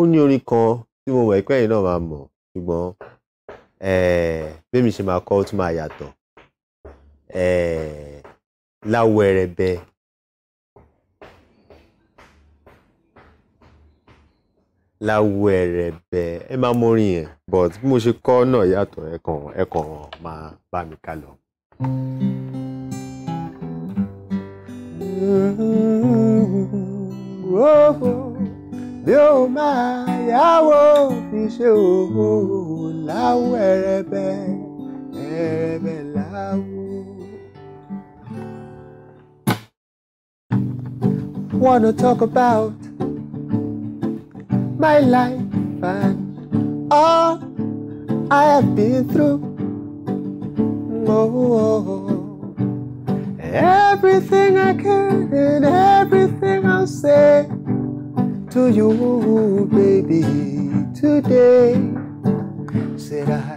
ó ní orin kan tí mo mọ̀ pé ẹ̀yin náà máa mọ̀ ṣùgbọ́n bẹ́ẹ̀mi ṣe máa kọ́ ó tún máa yàtọ̀ láwọ̀ ẹ̀rẹ̀bẹ̀. láwọ ẹ̀rẹ̀bẹ̀ ẹ máa mọrin yẹn but bí mo ṣe kọ́ náà yàtọ̀ ẹ̀kan ẹ̀kan máa bá mi ká lọ. Mm-hmm. yóò yáwó fi ṣe òwò láwọ ẹrẹbẹ láwọ. Wanna talk about my life and all I have been through. Oh, everything I can and everything I'll say you, baby, today. Said I,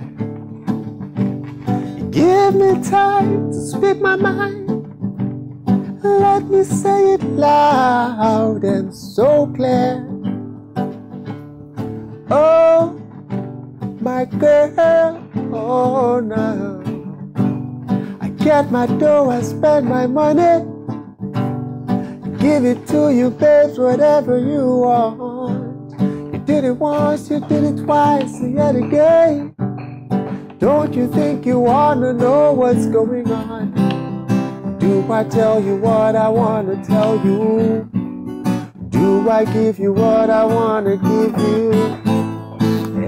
give me time to speak my mind. Let me say it loud and so clear. Oh, my girl, oh no. I get my dough, I spend my money give it to you, babe, whatever you want. You did it once, you did it twice, and yet again. Don't you think you wanna know what's going on? Do I tell you what I wanna tell you? Do I give you what I wanna give you?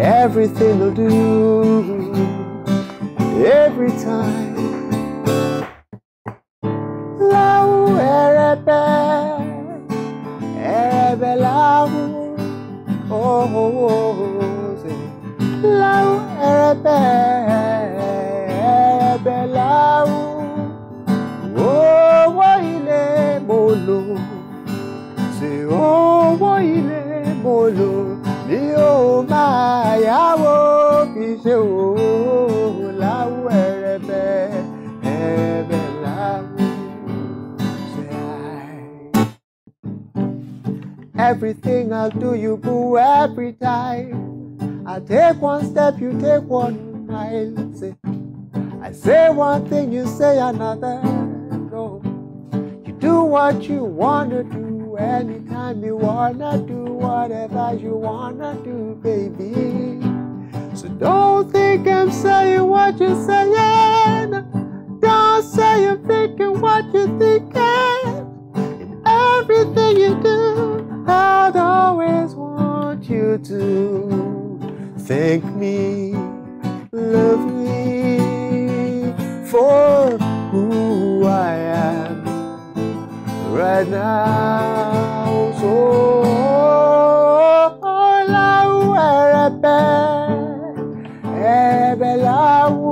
Everything will do every time. bebe oh oh oh se lau erebe ebe lau oh ilé mo lò ṣe owó ilé mo lò o máa yáwó kì í ṣe òun. Everything I'll do you boo every time. I take one step, you take one mile. Say, I say one thing, you say another. No, you do what you wanna do anytime you wanna do whatever you wanna do, baby. So don't think I'm saying what you're saying. Don't say I'm thinking what you're thinking. In everything you do. do. Thank me, love me for who I am right now. So ẹ̀bẹ̀ láwùú